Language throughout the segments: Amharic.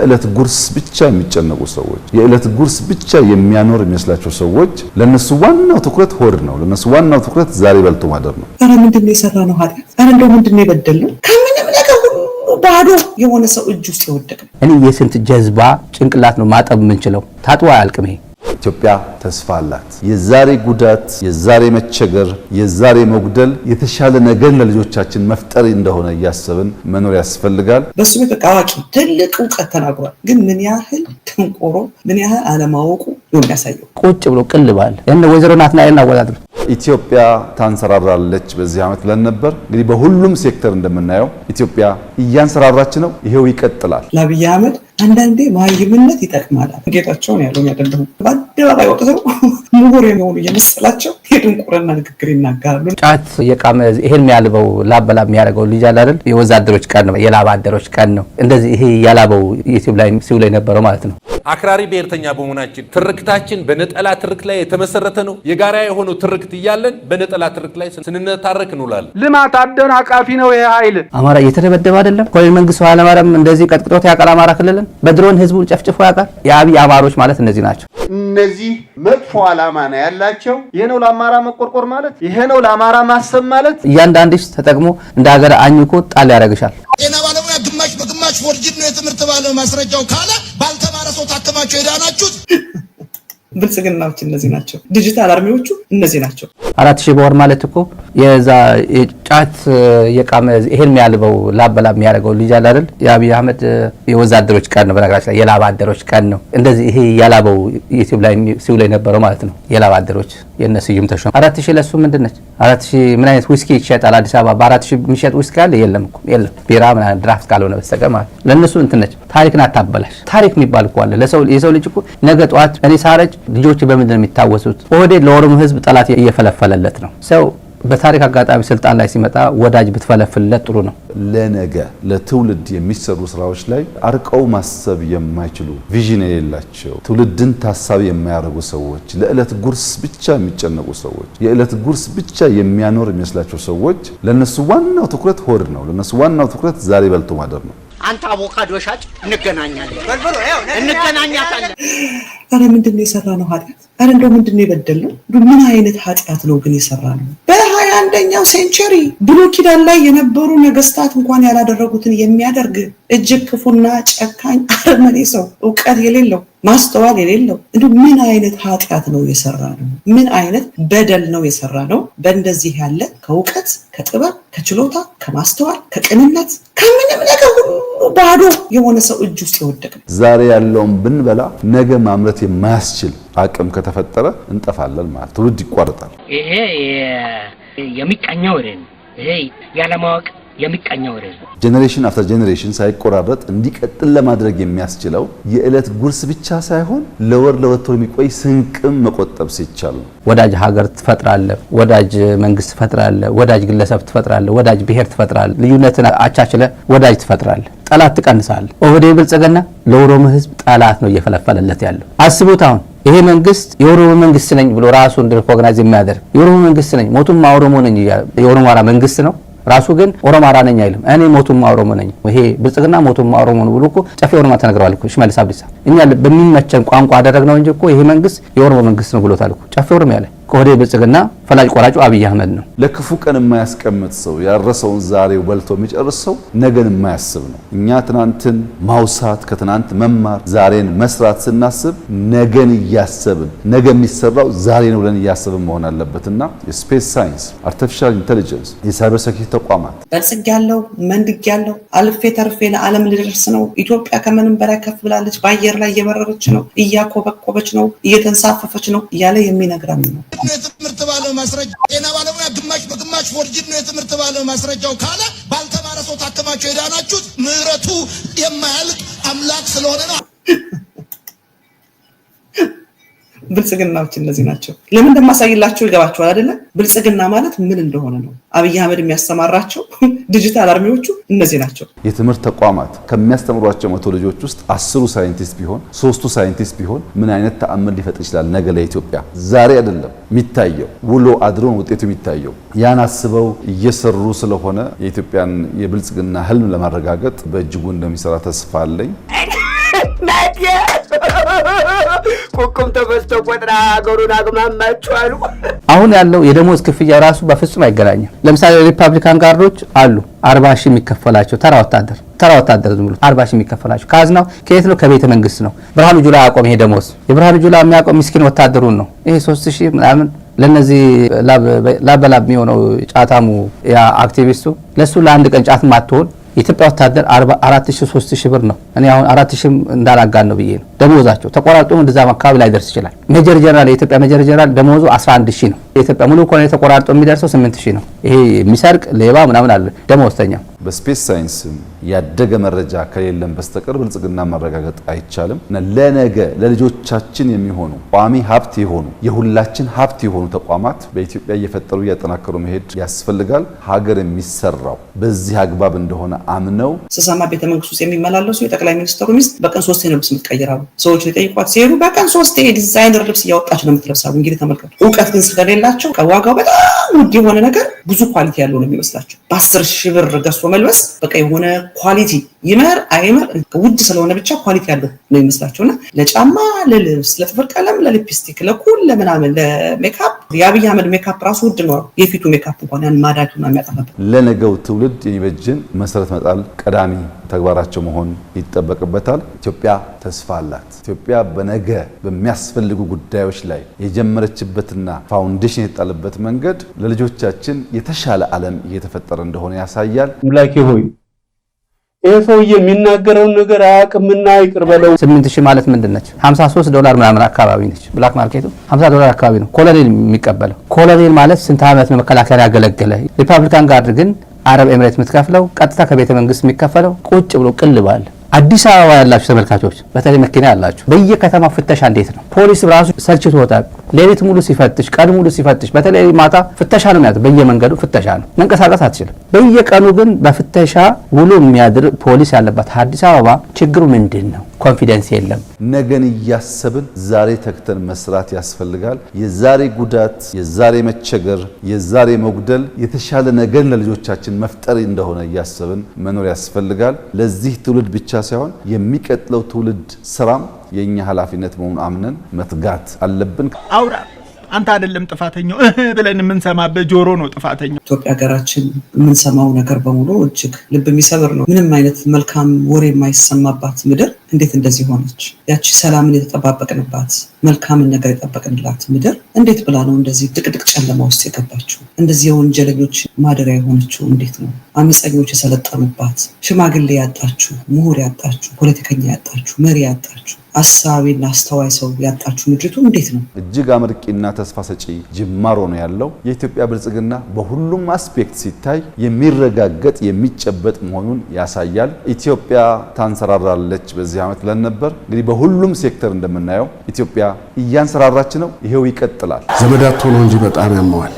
በእለት ጉርስ ብቻ የሚጨነቁ ሰዎች፣ የእለት ጉርስ ብቻ የሚያኖር የሚመስላቸው ሰዎች ለነሱ ዋናው ትኩረት ሆድ ነው። ለነሱ ዋናው ትኩረት ዛሬ በልቶ ማደር ነው። ኧረ ምንድን ነው የሰራ ነው ኃጢአት? ኧረ እንደው ምንድን ነው የበደል ነው? ከምንም ነገር ባዶ የሆነ ሰው እጅ ውስጥ የወደቀ እኔ የስንት ጀዝባ ጭንቅላት ነው ማጠብ የምንችለው? ታጥቦ አያልቅም ይሄ ኢትዮጵያ ተስፋ አላት። የዛሬ ጉዳት፣ የዛሬ መቸገር፣ የዛሬ መጉደል የተሻለ ነገር ለልጆቻችን መፍጠር እንደሆነ እያሰብን መኖር ያስፈልጋል። በሱ ቤት ትልቅ እውቀት ተናግሯል። ግን ምን ያህል ደንቆሮ ምን ያህል አለማወቁ ነው የሚያሳየው። ቁጭ ብሎ ቅልባል ያን ወይዘሮ ናትናኤልን አወዳድሩ ኢትዮጵያ ታንሰራራለች በዚህ ዓመት ብለን ነበር። እንግዲህ በሁሉም ሴክተር እንደምናየው ኢትዮጵያ እያንሰራራች ነው። ይሄው ይቀጥላል። ለአብይ አህመድ አንዳንዴ ማይምነት ይጠቅማል። ጌታቸውን ያለው ያደለሁ በአደባባይ ወጥተው ምሁር የሚሆኑ እየመሰላቸው የድንቁርና ንግግር ይናገራሉ። ጫት የቃመ ይሄን የሚያልበው ላበላ የሚያደርገው ልጅ አለ አይደል? የወዛደሮች ቀን ነው፣ የላባደሮች ቀን ነው። እንደዚህ ይሄ ያላበው ዩቲብ ላይ ሲውል የነበረው ማለት ነው። አክራሪ ብሔርተኛ በመሆናችን ትርክታችን በነጠላ ትርክ ላይ የተመሰረተ ነው። የጋራ የሆነው ትርክት እያለን በነጠላ ትርክ ላይ ስንነታረክ እንውላለን። ልማት አደናቃፊ ነው ይሄ ኃይል። አማራ እየተደበደበ አይደለም። ኮሎኔል መንግስቱ ኃይለማርያም እንደዚህ ቀጥቅጦት ያውቃል አማራ ክልልን በድሮን ህዝቡን ጨፍጭፎ ያውቃል። የአብይ አማሮች ማለት እነዚህ ናቸው። እነዚህ መጥፎ ዓላማ ነው ያላቸው። ይሄ ነው ለአማራ መቆርቆር ማለት፣ ይሄ ነው ለአማራ ማሰብ ማለት። እያንዳንድሽ ተጠቅሞ እንደ ሀገር አኝኮ ጣል ያደርግሻል። ጤና ባለሙያ ግማሽ በግማሽ ፎርጅድ ነው የትምህርት ባለ ማስረጃው ካለ ባልተማረ ሰው ታክማቸው የዳናችሁት ብልጽግናዎች እነዚህ ናቸው። ዲጂታል አርሚዎቹ እነዚህ ናቸው። አራት ሺህ በወር ማለት እኮ የዛ ጫት የቃመ ይሄን የሚያልበው ላበላ የሚያደርገው ልጅ አለ አይደል? የአብይ አህመድ የወዛደሮች ቀን ነው። በነገራችን ላይ የላባደሮች ቀን ነው። እንደዚህ ይሄ ያላበው ዩቲብ ላይ ሲው ላይ ነበረው ማለት ነው። የላባደሮች አደሮች የእነ ስዩም ተሾመ አራት ሺህ ለሱ ምንድን ነች? አራት ሺህ ምን አይነት ዊስኪ ይሸጣል አዲስ አበባ? በአራት ሺህ የሚሸጥ ዊስኪ አለ? የለም እኮ የለም። ቢራ ምናምን ድራፍት ካልሆነ በስተቀር ማለት ለእነሱ እንትን ነች። ታሪክን አታበላሽ። ታሪክ የሚባል እኮ አለ። የሰው ልጅ እኮ ነገ ጠዋት እኔ ሳረጅ ልጆች በምንድን ነው የሚታወሱት? ኦህዴድ ለኦሮሞ ህዝብ ጠላት እየፈለፈለለት ነው። ሰው በታሪክ አጋጣሚ ስልጣን ላይ ሲመጣ ወዳጅ ብትፈለፍልለት ጥሩ ነው። ለነገ ለትውልድ የሚሰሩ ስራዎች ላይ አርቀው ማሰብ የማይችሉ ቪዥን የሌላቸው ትውልድን ታሳቢ የማያደርጉ ሰዎች፣ ለዕለት ጉርስ ብቻ የሚጨነቁ ሰዎች፣ የዕለት ጉርስ ብቻ የሚያኖር የሚመስላቸው ሰዎች፣ ለእነሱ ዋናው ትኩረት ሆድ ነው። ለእነሱ ዋናው ትኩረት ዛሬ በልቶ ማደር ነው። አንተ አቮካዶ ሻጭ እንገናኛለን፣ እንገናኛታለን። አረ ምንድን ነው የሰራ ነው ኃጢአት? አረ እንደው ምንድን ነው የበደል ነው? ምን አይነት ኃጢአት ነው ግን የሰራ ነው? በሀያ አንደኛው ሴንቸሪ ብሎ ኪዳን ላይ የነበሩ ነገስታት እንኳን ያላደረጉትን የሚያደርግ እጅግ ክፉና ጨካኝ አረመኔ ሰው፣ እውቀት የሌለው ማስተዋል የሌለው እንዲ ምን አይነት ኃጢአት ነው የሰራ ነው? ምን አይነት በደል ነው የሰራ ነው? በእንደዚህ ያለ ከእውቀት ከጥበብ ከችሎታ ከማስተዋል ከቅንነት ከምንም ነገር ሁሉ ባዶ የሆነ ሰው እጅ ውስጥ ይወደቅ ዛሬ ያለውን ብንበላ ነገ ማምረት የማያስችል አቅም ከተፈጠረ እንጠፋለን ማለት ትውልድ ይቋርጣል። ይሄ የሚቃኘው ነው። ይሄ ያለማወቅ የሚቀኛ ነው። ጄኔሬሽን አፍተር ጄኔሬሽን ሳይቆራረጥ እንዲቀጥል ለማድረግ የሚያስችለው የዕለት ጉርስ ብቻ ሳይሆን ለወር ለወጥቶ የሚቆይ ስንቅም መቆጠብ ሲቻል ነው። ወዳጅ ሀገር ትፈጥራለ ወዳጅ መንግስት ትፈጥራለ፣ ወዳጅ ግለሰብ ትፈጥራለ፣ ወዳጅ ብሔር ትፈጥራለ፣ ልዩነትን አቻችለ ወዳጅ ትፈጥራለ፣ ጠላት ትቀንሳለህ። ኦህዴድ ብልጽግና ለኦሮሞ ህዝብ ጠላት ነው እየፈለፈለለት ያለው። አስቡት አሁን ይሄ መንግስት የኦሮሞ መንግስት ነኝ ብሎ ራሱን ኮግናይዝ የሚያደርግ የኦሮሞ መንግስት ነኝ ሞቱም ኦሮሞ ነኝ የኦሮሞ አራ መንግስት ነው ራሱ ግን ኦሮሞ አራነኝ አይልም። እኔ ሞቱማ ኦሮሞ ነኝ፣ ይሄ ብልጽግና ሞቱማ ኦሮሞ ነው ብሎ እኮ ጨፌ ኦሮማ ተነግረዋል እኮ ሽመልስ አብዲሳ። እኛ በሚመቸን ቋንቋ አደረግነው እንጂ እኮ ይሄ መንግስት የኦሮሞ መንግስት ነው ብሎታል እኮ ጨፌ ኦሮሞ ያለ ከወደ ብልጽግና ፈላጭ ቆራጩ አብይ አህመድ ነው። ለክፉ ቀን የማያስቀምጥ ሰው ያረሰውን ዛሬው በልቶ የሚጨርስ ሰው ነገን የማያስብ ነው። እኛ ትናንትን ማውሳት ከትናንት መማር ዛሬን መስራት ስናስብ ነገን እያሰብን ነገ የሚሰራው ዛሬን ብለን እያሰብን መሆን አለበት የስፔስ ሳይንስ፣ አርቲፊሻል ኢንቴሊጀንስ፣ የሳይበር ሴኪሪቲ ተቋማት በልጽግ ያለው መንድግ ያለው አልፌ ተርፌ ለዓለም ልደርስ ነው። ኢትዮጵያ ከምንም በላይ ከፍ ብላለች። በአየር ላይ እየበረረች ነው፣ እያኮበኮበች ነው፣ እየተንሳፈፈች ነው እያለ የሚነግረን ነው። ነው የትምህርት ባለው ማስረጃ ጤና ባለሙያ ግማሽ በግማሽ ፎርጅድ ነው የትምህርት ባለው ማስረጃው ካለ ባልተማረ ሰው ታክማቸው የዳናችሁት ምህረቱ የማያልቅ አምላክ ስለሆነ ነው። ብልጽግናዎች እነዚህ ናቸው። ለምን እንደማሳይላቸው ይገባቸዋል አይደለ? ብልጽግና ማለት ምን እንደሆነ ነው። አብይ አህመድ የሚያስተማራቸው ዲጂታል አርሚዎቹ እነዚህ ናቸው። የትምህርት ተቋማት ከሚያስተምሯቸው መቶ ልጆች ውስጥ አስሩ ሳይንቲስት ቢሆን ሶስቱ ሳይንቲስት ቢሆን ምን አይነት ተአምር ሊፈጥር ይችላል? ነገ ለኢትዮጵያ ዛሬ አይደለም የሚታየው ውሎ አድሮን ውጤቱ የሚታየው ያን አስበው እየሰሩ ስለሆነ የኢትዮጵያን የብልጽግና ህልም ለማረጋገጥ በእጅጉ እንደሚሰራ ተስፋ አለኝ። ቁቁም ቆጥራ አግማማችሁ አሉ። አሁን ያለው የደሞዝ ክፍያ ራሱ በፍጹም አይገናኝም። ለምሳሌ ሪፐብሊካን ጋርዶች አሉ አርባ ሺ የሚከፈላቸው ተራ ወታደር ተራ ወታደር ዝም ብሎ አርባ ሺ የሚከፈላቸው ካዝናው ከየት ነው? ከቤተ መንግስት ነው። ብርሃኑ ጁላ አቆም ይሄ ደሞዝ የብርሃኑ ጁላ የሚያቆም ምስኪን ወታደሩን ነው። ይሄ ሶስት ሺህ ምናምን ለነዚህ ላበላብ የሚሆነው ጫታሙ ያ አክቲቪስቱ ለእሱ ለአንድ ቀን ጫት ማትሆን የኢትዮጵያ ወታደር 43 ሺህ ብር ነው። እኔ አሁን አራት ሺህ እንዳላጋን ነው ብዬ ነው ደሞዛቸው ተቆራርጦ እንደዛ አካባቢ ላይ ደርስ ይችላል። ሜጀር ጀነራል የኢትዮጵያ ሜጀር ጀነራል ደሞዙ 11 ሺ ነው። የኢትዮጵያ ሙሉ ኮሎኔል የተቆራርጦ የሚደርሰው 8 ሺ ነው። ይሄ የሚሰርቅ ሌባ ምናምን አለ ደሞዝተኛው። በስፔስ ሳይንስም ያደገ መረጃ ከሌለን በስተቀር ብልጽግና ማረጋገጥ አይቻልም ለነገ ለልጆቻችን የሚሆኑ ቋሚ ሀብት የሆኑ የሁላችን ሀብት የሆኑ ተቋማት በኢትዮጵያ እየፈጠሩ እያጠናከሩ መሄድ ያስፈልጋል። ሀገር የሚሰራው በዚህ አግባብ እንደሆነ አምነው ስሰማ ቤተ መንግስት ውስጥ የሚመላለሱ የጠቅላይ ሚኒስትሩ ሚስት በቀን ሶስቴ ነው ልብስ የምትቀይራሉ። ሰዎች ሊጠይቋት ሲሄዱ በቀን ሶስቴ ዲዛይነር ልብስ እያወጣች ነው የምትለብሳሉ። እንግዲህ ተመልከቱ። እውቀት ግን ስለሌላቸው ከዋጋው በጣም ውድ የሆነ ነገር ብዙ ኳሊቲ ያለው ነው የሚመስላቸው። በአስር ሺህ ብር ገዝቶ መልበስ በቃ የሆነ ኳሊቲ ይመር አይመር ውድ ስለሆነ ብቻ ኳሊቲ ያለው ነው የሚመስላቸው እና ለጫማ፣ ለልብስ፣ ለጥፍር ቀለም፣ ለሊፕስቲክ፣ ለኩል፣ ለምናምን፣ ለሜካፕ የአብይ አህመድ ሜካፕ ራሱ ውድ ነው። የፊቱ ሜካፕ እንኳን ያን ማዳቱን የሚያጠፋበት ለነገው ትውልድ የሚበጅን መሰረት መጣል ቀዳሚ ተግባራቸው መሆን ይጠበቅበታል። ኢትዮጵያ ተስፋ አላት። ኢትዮጵያ በነገ በሚያስፈልጉ ጉዳዮች ላይ የጀመረችበትና ፋውንዴሽን የተጣለበት መንገድ ለልጆቻችን የተሻለ ዓለም እየተፈጠረ እንደሆነ ያሳያል። አምላኬ ሆይ ይህ ሰውዬ የሚናገረውን ነገር አያውቅምና ይቅር በለው። ስምንት ሺህ ማለት ምንድን ነች? ሶስት ዶላር ምናምን አካባቢ ነች። ብላክ ማርኬቱ ሀምሳ ዶላር አካባቢ ነው ኮሎኔል የሚቀበለው። ኮሎኔል ማለት ስንት ዓመት መከላከያ ያገለገለ ሪፐብሊካን ጋርድ ግን አረብ ኤምሬት የምትከፍለው ቀጥታ ከቤተ መንግስት የሚከፈለው ቁጭ ብሎ ቅል አዲስ አበባ ያላችሁ ተመልካቾች በተለይ መኪና ያላችሁ በየከተማው ፍተሻ እንዴት ነው? ፖሊስ ራሱ ሰልችቶታል። ሌሊት ሙሉ ሲፈትሽ፣ ቀን ሙሉ ሲፈትሽ፣ በተለይ ማታ ፍተሻ ነው ያለው። በየመንገዱ ፍተሻ ነው፣ መንቀሳቀስ አትችልም። በየቀኑ ግን በፍተሻ ውሎ የሚያድር ፖሊስ ያለባት አዲስ አበባ ችግሩ ምንድን ነው? ኮንፊደንስ የለም። ነገን እያሰብን ዛሬ ተክተን መስራት ያስፈልጋል። የዛሬ ጉዳት፣ የዛሬ መቸገር፣ የዛሬ መጉደል የተሻለ ነገን ለልጆቻችን መፍጠር እንደሆነ እያሰብን መኖር ያስፈልጋል። ለዚህ ትውልድ ብቻ ሳይሆን የሚቀጥለው ትውልድ ስራም የእኛ ኃላፊነት መሆኑን አምነን መትጋት አለብን። አውራ አንተ አይደለም ጥፋተኛው ብለን የምንሰማበት ጆሮ ነው ጥፋተኛው። ኢትዮጵያ ሀገራችን የምንሰማው ነገር በሙሉ እጅግ ልብ የሚሰብር ነው። ምንም አይነት መልካም ወሬ የማይሰማባት ምድር እንዴት እንደዚህ ሆነች? ያቺ ሰላምን የተጠባበቅንባት መልካምን ነገር የጠበቅንላት ምድር እንዴት ብላ ነው እንደዚህ ድቅድቅ ጨለማ ውስጥ የገባችው? እንደዚህ የወንጀለኞች ማደሪያ የሆነችው እንዴት ነው? አመፀኞች የሰለጠኑባት፣ ሽማግሌ ያጣችሁ፣ ምሁር ያጣችሁ፣ ፖለቲከኛ ያጣችሁ፣ መሪ ያጣችሁ አሳቢና አስተዋይ ሰው ያጣችሁ ምድሪቱ እንዴት ነው? እጅግ አመርቂና ተስፋ ሰጪ ጅማሮ ነው ያለው። የኢትዮጵያ ብልጽግና በሁሉም አስፔክት ሲታይ የሚረጋገጥ የሚጨበጥ መሆኑን ያሳያል። ኢትዮጵያ ታንሰራራለች በዚህ በዚህ ዓመት ብለን ነበር። እንግዲህ በሁሉም ሴክተር እንደምናየው ኢትዮጵያ እያንሰራራች ነው። ይሄው ይቀጥላል። ዘመዳቶ ነው እንጂ በጣም ያመዋል።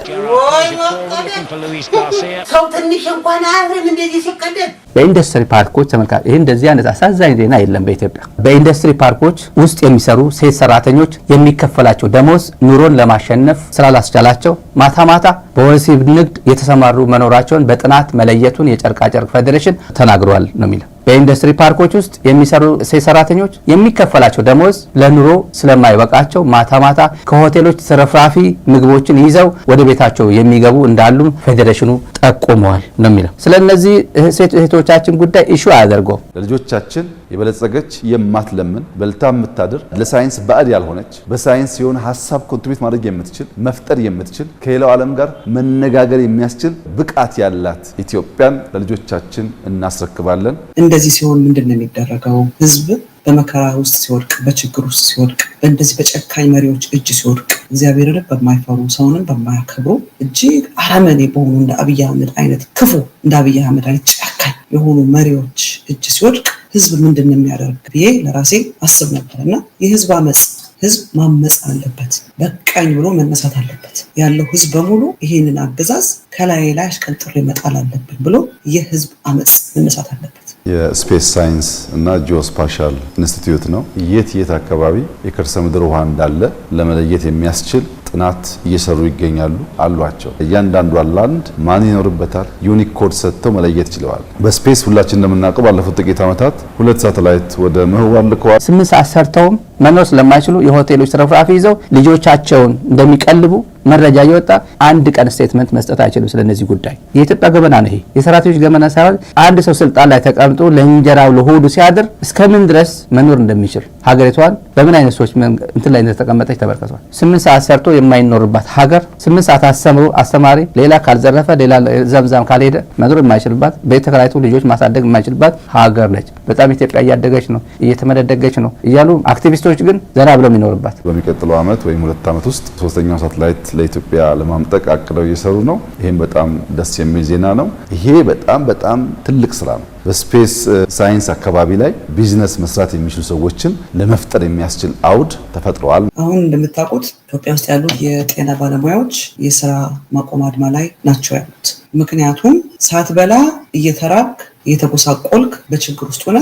ሰው ትንሽ እንኳን አያፍርም እንደዚህ ሲቀደም። በኢንዱስትሪ ፓርኮች ተመልካ ይህ እንደዚህ አይነት አሳዛኝ ዜና የለም በኢትዮጵያ። በኢንዱስትሪ ፓርኮች ውስጥ የሚሰሩ ሴት ሰራተኞች የሚከፈላቸው ደሞዝ ኑሮን ለማሸነፍ ስላላስቻላቸው ማታ ማታ በወሲብ ንግድ የተሰማሩ መኖራቸውን በጥናት መለየቱን የጨርቃጨርቅ ፌዴሬሽን ተናግሯል ነው የሚለው። በኢንዱስትሪ ፓርኮች ውስጥ የሚሰሩ ሴት ሰራተኞች የሚከፈላቸው ደሞዝ ለኑሮ ስለማይበቃቸው ማታ ማታ ከሆቴሎች ተረፍራፊ ምግቦችን ይዘው ወደ ቤታቸው የሚገቡ እንዳሉም ፌዴሬሽኑ ጠቁመዋል ነው የሚለው። ስለ እነዚህ ሴቶቻችን ጉዳይ ኢሹ አያደርገውም። ለልጆቻችን የበለጸገች የማትለምን በልታ የምታድር ለሳይንስ ባዕድ ያልሆነች በሳይንስ የሆነ ሀሳብ ኮንትሪቢዩት ማድረግ የምትችል መፍጠር የምትችል ከሌላው ዓለም ጋር መነጋገር የሚያስችል ብቃት ያላት ኢትዮጵያን ለልጆቻችን እናስረክባለን። እንደዚህ ሲሆን ምንድን ነው የሚደረገው? ህዝብ በመከራ ውስጥ ሲወድቅ፣ በችግር ውስጥ ሲወድቅ፣ በእንደዚህ በጨካኝ መሪዎች እጅ ሲወድቅ እግዚአብሔርንም በማይፈሩ ሰውንም በማያከብሩ እጅግ አረመኔ በሆኑ እንደ አብይ አህመድ አይነት ክፉ እንደ አብይ አህመድ አይነት ጨካኝ የሆኑ መሪዎች እጅ ሲወድቅ ህዝብ ምንድን ነው የሚያደርግ ብዬ ለራሴ አስብ ነበር እና የህዝብ አመፅ ህዝብ ማመፅ አለበት፣ በቃኝ ብሎ መነሳት አለበት። ያለው ህዝብ በሙሉ ይህንን አገዛዝ ከላይ ላይ አሽቀንጥሮ መጣል አለብን ብሎ የህዝብ አመፅ መነሳት አለበት። የስፔስ ሳይንስ እና ጂኦስፓሻል ኢንስቲትዩት ነው የት የት አካባቢ የከርሰ ምድር ውሃ እንዳለ ለመለየት የሚያስችል ጥናት እየሰሩ ይገኛሉ አሏቸው። እያንዳንዱ ላንድ ማን ይኖርበታል ዩኒክ ኮድ ሰጥተው መለየት ችለዋል። በስፔስ ሁላችን እንደምናውቀው ባለፉት ጥቂት ዓመታት ሁለት ሳተላይት ወደ ምህዋር ልከዋል። ስምንት ሰዓት ሰርተውም መኖር ስለማይችሉ የሆቴሎች ትርፍራፊ ይዘው ልጆቻቸውን እንደሚቀልቡ መረጃ እየወጣ አንድ ቀን ስቴትመንት መስጠት አይችልም። ስለነዚህ ጉዳይ የኢትዮጵያ ገበና ነው። ይሄ የሰራተኞች ገበና ሳይሆን አንድ ሰው ስልጣን ላይ ተቀምጦ ለእንጀራው ለሆዱ ሲያድር እስከምን ድረስ መኖር እንደሚችል ሀገሪቷን በምን አይነት ሰዎች እንትን ላይ እንደተቀመጠች ተመልከቷል። ስምንት ሰዓት ሰርቶ የማይኖርባት ሀገር፣ ስምንት ሰዓት አስተምሮ አስተማሪ ሌላ ካልዘረፈ ሌላ ዘምዛም ካልሄደ መኖር የማይችልባት ቤት ተከራይቶ ልጆች ማሳደግ የማይችልባት ሀገር ነች። በጣም ኢትዮጵያ እያደገች ነው፣ እየተመደደገች ነው እያሉ አክቲቪስቶች ወጣቶች ግን ዘና ብለው የሚኖርባት። በሚቀጥለው ዓመት ወይም ሁለት ዓመት ውስጥ ሶስተኛው ሳተላይት ለኢትዮጵያ ለማምጠቅ አቅደው እየሰሩ ነው። ይህም በጣም ደስ የሚል ዜና ነው። ይሄ በጣም በጣም ትልቅ ስራ ነው። በስፔስ ሳይንስ አካባቢ ላይ ቢዝነስ መስራት የሚችሉ ሰዎችን ለመፍጠር የሚያስችል አውድ ተፈጥረዋል። አሁን እንደምታውቁት ኢትዮጵያ ውስጥ ያሉት የጤና ባለሙያዎች የስራ ማቆም አድማ ላይ ናቸው ያሉት። ምክንያቱም ሳትበላ እየተራብክ እየተጎሳቆልክ በችግር ውስጥ ሆነ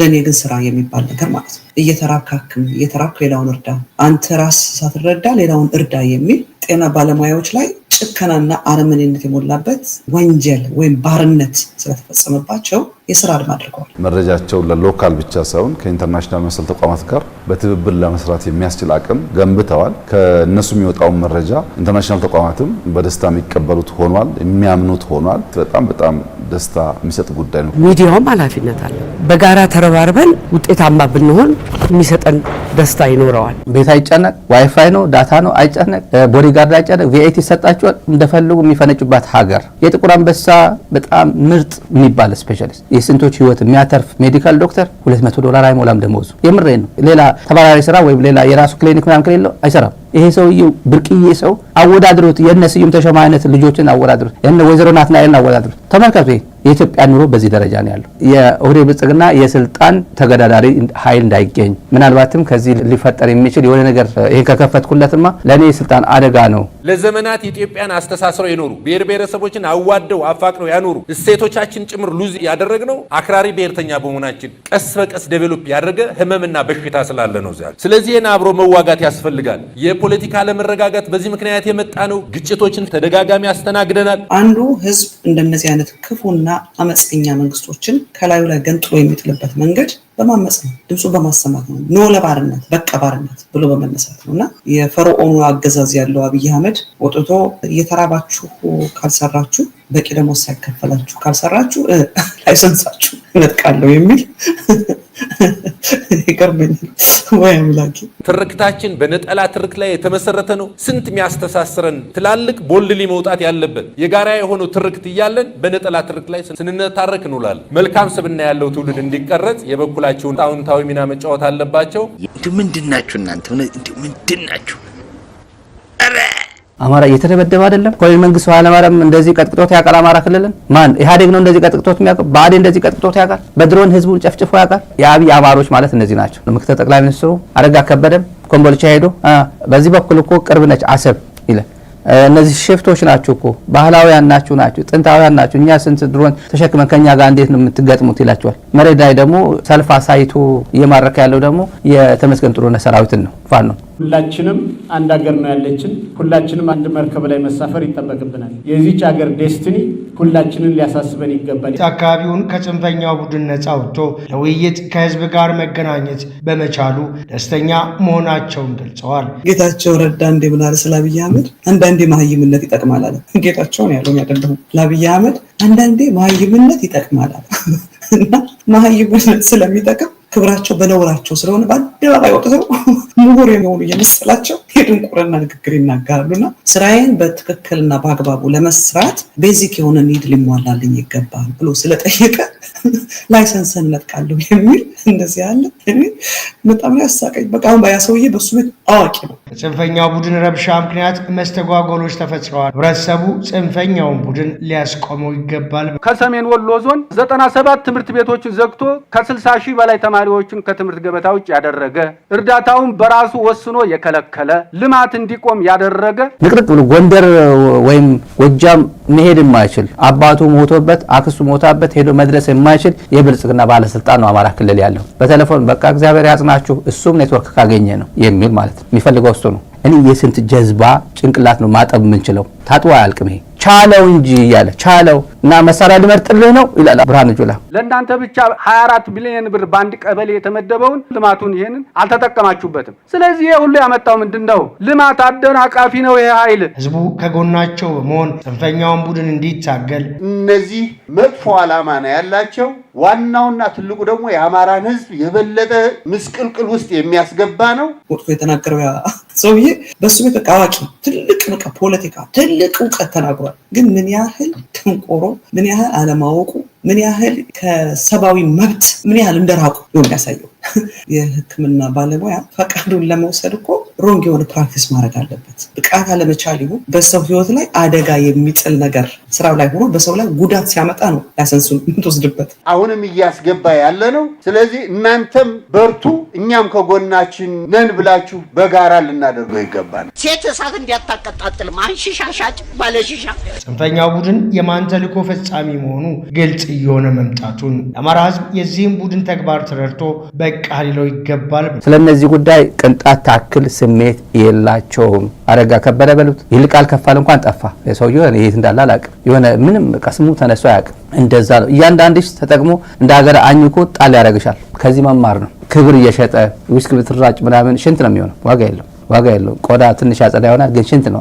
ለእኔ ግን ስራ የሚባል ነገር ማለት ነው። እየተራካክም እየተራኩ ሌላውን እርዳ፣ አንተ ራስ ሳትረዳ ሌላውን እርዳ የሚል ጤና ባለሙያዎች ላይ ጭከናና አረመኔነት የሞላበት ወንጀል ወይም ባርነት ስለተፈጸመባቸው የስራ አድማ አድርገዋል። መረጃቸውን ለሎካል ብቻ ሳይሆን ከኢንተርናሽናል መሰል ተቋማት ጋር በትብብር ለመስራት የሚያስችል አቅም ገንብተዋል። ከእነሱ የሚወጣውን መረጃ ኢንተርናሽናል ተቋማትም በደስታ የሚቀበሉት ሆኗል፣ የሚያምኑት ሆኗል። በጣም በጣም ደስታ የሚሰጥ ጉዳይ ነው። ሚዲያውም ኃላፊነት አለ። በጋራ ተረባርበን ውጤታማ ብንሆን የሚሰጠን ደስታ ይኖረዋል። ቤት አይጨነቅ፣ ዋይፋይ ነው፣ ዳታ ነው፣ አይጨነቅ፣ ቦዲጋርድ አይጨነቅ፣ ቪኤት ይሰጣቸዋል። እንደፈልጉ የሚፈነጩባት ሀገር። የጥቁር አንበሳ በጣም ምርጥ የሚባል ስፔሻሊስት፣ የስንቶች ህይወት የሚያተርፍ ሜዲካል ዶክተር 200 ዶላር አይሞላም ደሞዙ። የምሬ ነው። ሌላ ተባራሪ ስራ ወይም ሌላ የራሱ ክሊኒክ ምናምን ከሌለው አይሰራም። ይሄ ሰውዬው ብርቅዬ ሰው አወዳድሩት። የነ ስዩም ተሾመ አይነት ልጆችን አወዳድሩት። የነ ወይዘሮ ናትናኤልን አወዳድሩት። ተመልከቱ ይሄ የኢትዮጵያ ኑሮ በዚህ ደረጃ ነው ያለው። የኦህዴድ ብልጽግና የስልጣን ተገዳዳሪ ኃይል እንዳይገኝ ምናልባትም ከዚህ ሊፈጠር የሚችል የሆነ ነገር ይህን ከከፈትኩለትማ ለእኔ የስልጣን አደጋ ነው። ለዘመናት ኢትዮጵያን አስተሳስረው የኖሩ ብሔር ብሔረሰቦችን አዋደው አፋቅረው ያኖሩ እሴቶቻችን ጭምር ሉዝ ያደረግነው አክራሪ ብሔርተኛ በመሆናችን ቀስ በቀስ ዴቨሎፕ ያደረገ ህመምና በሽታ ስላለ ነው ዛሬ። ስለዚህ ይህን አብሮ መዋጋት ያስፈልጋል። የፖለቲካ አለመረጋጋት በዚህ ምክንያት የመጣ ነው። ግጭቶችን ተደጋጋሚ ያስተናግደናል። አንዱ ህዝብ እንደነዚህ አይነት ክፉና አመፀኛ መንግስቶችን ከላዩ ላይ ገንጥሎ የሚጥልበት መንገድ በማመፅ ነው፣ ድምፁ በማሰማት ነው፣ ኖ ለባርነት በቃ ባርነት ብሎ በመነሳት ነው እና የፈርዖኑ አገዛዝ ያለው አብይ አህመድ ወጥቶ እየተራባችሁ ካልሰራችሁ በቂ ደግሞ ሳይከፈላችሁ ካልሰራችሁ ላይሰንሳችሁ እነጥቃለሁ የሚል ይገርመኛል። ወይ አምላኬ! ትርክታችን በነጠላ ትርክ ላይ የተመሰረተ ነው። ስንት የሚያስተሳስረን ትላልቅ ቦልሊ መውጣት ያለበት የጋራ የሆነው ትርክት እያለን በነጠላ ትርክ ላይ ስንነታረክ እንውላለን። መልካም ስብና ያለው ትውልድ እንዲቀረጽ የበኩላችሁን አዎንታዊ ሚና መጫወት አለባቸው። ምንድናችሁ እናንተ? ምንድናችሁ? አማራ እየተደበደበ አይደለም? ኮሎኔል መንግስቱ ኃይለማርያም እንደዚህ ቀጥቅጦት ያውቃል? አማራ ክልልን ማን ኢህአዴግ ነው እንደዚህ ቀጥቅጦት የሚያውቀው? ብአዴን እንደዚህ ቀጥቅጦት ያውቃል? በድሮን ህዝቡን ጨፍጭፎ ያውቃል? የአብይ አማሮች ማለት እነዚህ ናቸው። ምክትል ጠቅላይ ሚኒስትሩ አረጋ ከበደም ኮምቦልቻ ሄዶ በዚህ በኩል እኮ ቅርብ ነች አሰብ ይላል። እነዚህ ሽፍቶች ናችሁ እኮ ባህላውያን ናችሁ ናችሁ ጥንታውያን ናችሁ። እኛ ስንት ድሮን ተሸክመን ከኛ ጋር እንዴት ነው የምትገጥሙት? ይላቸዋል። መሬት ላይ ደግሞ ሰልፍ አሳይቶ እየማረከ ያለው ደግሞ የተመስገን ጥሩነህ ሰራዊትን ነው። ነው። ሁላችንም አንድ ሀገር ነው ያለችን። ሁላችንም አንድ መርከብ ላይ መሳፈር ይጠበቅብናል። የዚች ሀገር ዴስትኒ ሁላችንን ሊያሳስበን ይገባል። አካባቢውን ከጽንፈኛው ቡድን ነጻ አውጥቶ ለውይይት ከህዝብ ጋር መገናኘት በመቻሉ ደስተኛ መሆናቸውን ገልጸዋል። ጌታቸው ረዳ እንዴ ብላል ስለ አብይ አህመድ አንዳንዴ መሀይምነት ይጠቅማል አለ። ነው ያለው ያደለሁ ለአብይ አህመድ አንዳንዴ መሀይምነት ይጠቅማል አለ እና መሀይምነት ስለሚጠቅም ክብራቸው በነውራቸው ስለሆነ በአደባባይ ወጥተው ምሁር የሚሆኑ እየመሰላቸው የድንቁርና ንግግር ይናገራሉ። ስራዬን በትክክልና በአግባቡ ለመስራት ቤዚክ የሆነ ኒድ ሊሟላልኝ ይገባል ብሎ ስለጠየቀ ላይሰንስህን እነጥቃለሁ የሚል እንደዚህ ያለ በጣም ያሳቀኝ። በቃ አሁን ባያ ሰውዬ በሱ ቤት አዋቂ ነው። በጽንፈኛው ቡድን ረብሻ ምክንያት መስተጓጎሎች ተፈጽረዋል። ህብረተሰቡ ጽንፈኛውን ቡድን ሊያስቆመው ይገባል። ከሰሜን ወሎ ዞን ዘጠና ሰባት ትምህርት ቤቶችን ዘግቶ ከስልሳ ሺህ በላይ ተማ። ተማሪዎቹን ከትምህርት ገበታ ውጭ ያደረገ፣ እርዳታውን በራሱ ወስኖ የከለከለ፣ ልማት እንዲቆም ያደረገ ንቅንቅ ብሎ ጎንደር ወይም ጎጃም መሄድ የማይችል አባቱ ሞቶበት አክሱ ሞታበት ሄዶ መድረስ የማይችል የብልጽግና ባለስልጣን ነው አማራ ክልል ያለው። በቴሌፎን በቃ እግዚአብሔር ያጽናችሁ፣ እሱም ኔትወርክ ካገኘ ነው የሚል ማለት ነው። የሚፈልገው እሱ ነው። እኔ የስንት ጀዝባ ጭንቅላት ነው ማጠብ የምንችለው? ታጥቦ አያልቅም ይሄ ቻለው እንጂ እያለ ቻለው እና መሳሪያ ልመርጥልህ ነው ይላል ብርሃኑ ጁላ። ለእናንተ ብቻ 24 ቢሊዮን ብር በአንድ ቀበሌ የተመደበውን ልማቱን ይሄንን አልተጠቀማችሁበትም። ስለዚህ ይሄ ሁሉ ያመጣው ምንድን ነው? ልማት አደናቃፊ ነው ይሄ ኃይል። ህዝቡ ከጎናቸው በመሆን ጽንፈኛውን ቡድን እንዲታገል እነዚህ መጥፎ ዓላማ ነው ያላቸው። ዋናውና ትልቁ ደግሞ የአማራን ህዝብ የበለጠ ምስቅልቅል ውስጥ የሚያስገባ ነው። ወጥቶ የተናገረው ሰውዬ በሱ ቤት አዋቂ ትልቅ ፖለቲካ ትልቅ እውቀት ተናግሯል። ነበር። ግን ምን ያህል ተንቆሮ፣ ምን ያህል አለማወቁ፣ ምን ያህል ከሰብአዊ መብት ምን ያህል እንደራቁ ነው የሚያሳየው። የህክምና ባለሙያ ፈቃዱን ለመውሰድ እኮ ሮንግ የሆነ ፕራክቲስ ማድረግ አለበት። ብቃት አለመቻል ይሁን በሰው ህይወት ላይ አደጋ የሚጥል ነገር ስራው ላይ ሆኖ በሰው ላይ ጉዳት ሲያመጣ ነው ላይሰንሱን የምትወስድበት። አሁንም እያስገባ ያለ ነው። ስለዚህ እናንተም በርቱ፣ እኛም ከጎናችን ነን ብላችሁ በጋራ ልናደርገው ይገባል። ሴት እሳት እንዲያታቀጣጥል ማንሽሻ ሻጭ ባለሽሻ ጽንፈኛው ቡድን የማን ተልዕኮ ፈጻሚ መሆኑ ግልጽ እየሆነ መምጣቱን የአማራ ህዝብ የዚህም ቡድን ተግባር ተረድቶ በቃ ሊለው ይገባል። ስለነዚህ ጉዳይ ቅንጣት ታክል ስሜት የላቸውም። አረጋ ከበደ በሉት ይልቃል ከፋለ እንኳን ጠፋ። ሰውየው የት እንዳለ አላውቅም። የሆነ ምንም ቀስሙ ተነስቶ አያውቅም። እንደዛ ነው። እያንዳንድሽ ተጠቅሞ እንደ ሀገር አኝኮ ጣል ያደርግሻል። ከዚህ መማር ነው። ክብር እየሸጠ ዊስክ ብትራጭ ምናምን ሽንት ነው የሚሆነው። ዋጋ የለውም ዋጋ የለውም። ቆዳ ትንሽ አጸዳ ይሆናል፣ ግን ሽንት ነው።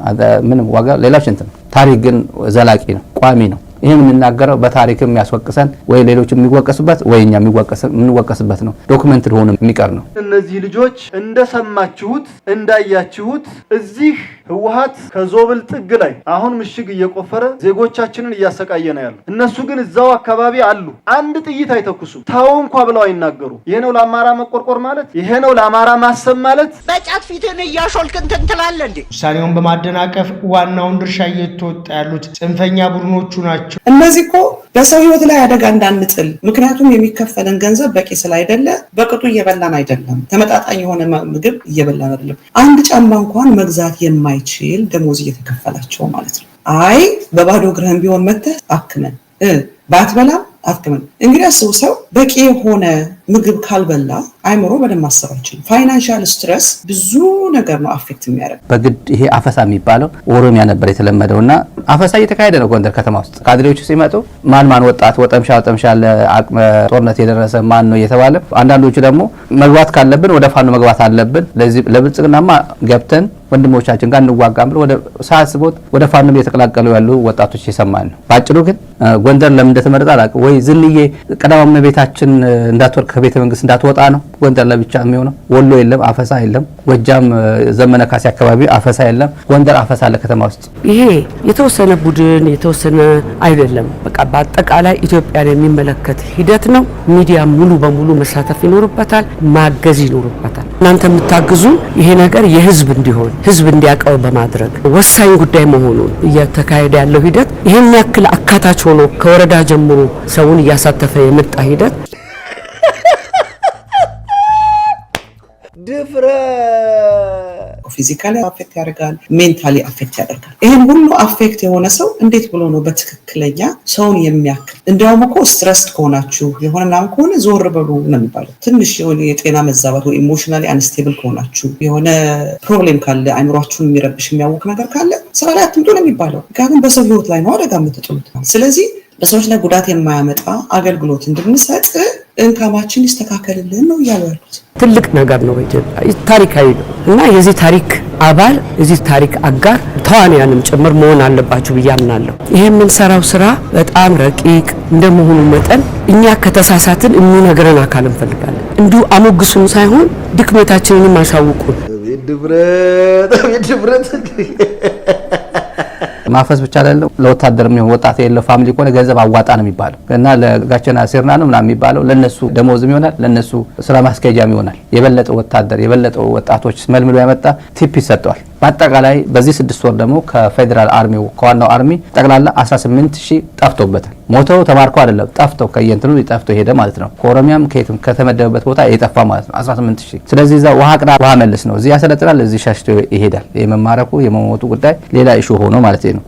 ምንም ዋጋ ሌላው ሽንት ነው። ታሪክ ግን ዘላቂ ነው፣ ቋሚ ነው። ይህ የምንናገረው በታሪክ የሚያስወቅሰን ወይ ሌሎች የሚወቀሱበት ወይ እኛ የምንወቀስበት ነው። ዶክመንትድ ሆኖ የሚቀር ነው። እነዚህ ልጆች እንደሰማችሁት እንዳያችሁት እዚህ ህወሀት ከዞብል ጥግ ላይ አሁን ምሽግ እየቆፈረ ዜጎቻችንን እያሰቃየ ነው ያሉ። እነሱ ግን እዛው አካባቢ አሉ። አንድ ጥይት አይተኩሱም። ታው እንኳ ብለው አይናገሩ። ይሄ ነው ለአማራ መቆርቆር ማለት፣ ይሄ ነው ለአማራ ማሰብ ማለት። በጫት ፊትን እያሾልክ እንትን ትላለህ እንዴ! ውሳኔውን በማደናቀፍ ዋናውን ድርሻ እየተወጣ ያሉት ጽንፈኛ ቡድኖቹ ናቸው። ናቸው። እነዚህ እኮ በሰው ህይወት ላይ አደጋ እንዳንጥል፣ ምክንያቱም የሚከፈለን ገንዘብ በቂ ስላይደለ በቅጡ እየበላን አይደለም፣ ተመጣጣኝ የሆነ ምግብ እየበላን አይደለም። አንድ ጫማ እንኳን መግዛት የማይችል ደሞዝ እየተከፈላቸው ማለት ነው። አይ በባዶ እግርህን ቢሆን መተህ አክመን፣ ባትበላም አክመን። እንግዲህ ሰው በቂ የሆነ ምግብ ካልበላ አይምሮ በደንብ ማሰብ አይችልም። ፋይናንሻል ስትረስ ብዙ ነገር ነው አፌክት የሚያደርግ። በግድ ይሄ አፈሳ የሚባለው ኦሮሚያ ነበር የተለመደው እና አፈሳ እየተካሄደ ነው ጎንደር ከተማ ውስጥ። ካድሬዎቹ ሲመጡ ማን ማን ወጣት ወጠምሻ ወጠምሻ ለአቅመ ጦርነት የደረሰ ማን ነው እየተባለ አንዳንዶቹ ደግሞ መግባት ካለብን ወደ ፋኖ መግባት አለብን ለዚህ ለብልጽግናማ ገብተን ወንድሞቻችን ጋር እንዋጋም ብሎ ወደ ሳስቦት ወደ ፋኖም እየተቀላቀሉ ያሉ ወጣቶች የሰማን ነው። በአጭሩ ግን ጎንደር ለምን እንደተመረጠ አላውቅም። ወይ ዝንዬ ቀዳማዊ እመቤታችን እንዳትወርቅ ከቤተ መንግስት እንዳትወጣ ነው። ጎንደር ለብቻ የሚሆነው ወሎ የለም፣ አፈሳ የለም። ጎጃም ዘመነ ካሴ አካባቢ አፈሳ የለም። ጎንደር አፈሳ አለ ከተማ ውስጥ። ይሄ የተወሰነ ቡድን የተወሰነ አይደለም። በቃ በአጠቃላይ ኢትዮጵያን የሚመለከት ሂደት ነው። ሚዲያ ሙሉ በሙሉ መሳተፍ ይኖርበታል፣ ማገዝ ይኖርበታል። እናንተ የምታግዙ ይሄ ነገር የህዝብ እንዲሆን ህዝብ እንዲያውቀው በማድረግ ወሳኝ ጉዳይ መሆኑን እየተካሄደ ያለው ሂደት ይህን ያክል አካታች ሆኖ ከወረዳ ጀምሮ ሰውን እያሳተፈ የመጣ ሂደት ፊዚካሊ አፌክት ያደርጋል፣ ሜንታሊ አፌክት ያደርጋል። ይህም ሁሉ አፌክት የሆነ ሰው እንዴት ብሎ ነው በትክክለኛ ሰውን የሚያክል? እንዲያውም እኮ ስትረስድ ከሆናችሁ የሆነ ምናምን ከሆነ ዞር በሉ ነው የሚባለው። ትንሽ የሆነ የጤና መዛባት ወይ ኢሞሽናሊ አንስቴብል ከሆናችሁ የሆነ ፕሮብሌም ካለ አይምሯችሁን የሚረብሽ የሚያወቅ ነገር ካለ ስራ ላይ አትምጡ ነው የሚባለው። ምክንያቱም በሰው ህይወት ላይ ነው አደጋ የምትጥሉት። ስለዚህ በሰዎች ላይ ጉዳት የማያመጣ አገልግሎት እንድንሰጥ እንካማችን ይስተካከልልን ነው እያሉ ያሉት። ትልቅ ነገር ነው፣ በኢትዮጵያ ታሪካዊ ነው እና የዚህ ታሪክ አባል የዚህ ታሪክ አጋር ተዋንያንም ጭምር መሆን አለባችሁ ብዬ አምናለሁ። ይህ የምንሰራው ስራ በጣም ረቂቅ እንደመሆኑ መጠን እኛ ከተሳሳትን የሚነግረን አካል እንፈልጋለን። እንዲሁ አሞግሱን ሳይሆን ድክመታችንንም አሳውቁን። ማፈስ ብቻ አይደለም፣ ለወታደር የሚሆን ወጣት የለው ፋሚሊ ከሆነ ገንዘብ አዋጣ ነው የሚባለው እና ለጋቸና ሴርና ነው ምናምን የሚባለው ለነሱ ደሞዝም ይሆናል፣ ለነሱ ስራ ማስኬጃም ይሆናል። የበለጠ ወታደር የበለጠ ወጣቶች መልምሎ ያመጣ ቲፕ ይሰጠዋል። በአጠቃላይ በዚህ ስድስት ወር ደግሞ ከፌዴራል አርሚው ከዋናው አርሚ ጠቅላላ 18 ሺህ ጠፍቶበታል። ሞተው ተማርኮ አይደለም ጠፍተው ከየንትኑ ጠፍቶ ሄደ ማለት ነው። ከኦሮሚያም ከየትም ከተመደበበት ቦታ የጠፋ ማለት ነው 18 ሺህ። ስለዚህ እዛ ውሃ ቅዳ ውሃ መልስ ነው። እዚህ ያሰለጥናል፣ እዚህ ሻሽቶ ይሄዳል። የመማረኩ የመሞቱ ጉዳይ ሌላ ኢሹ ሆኖ ማለት ነው።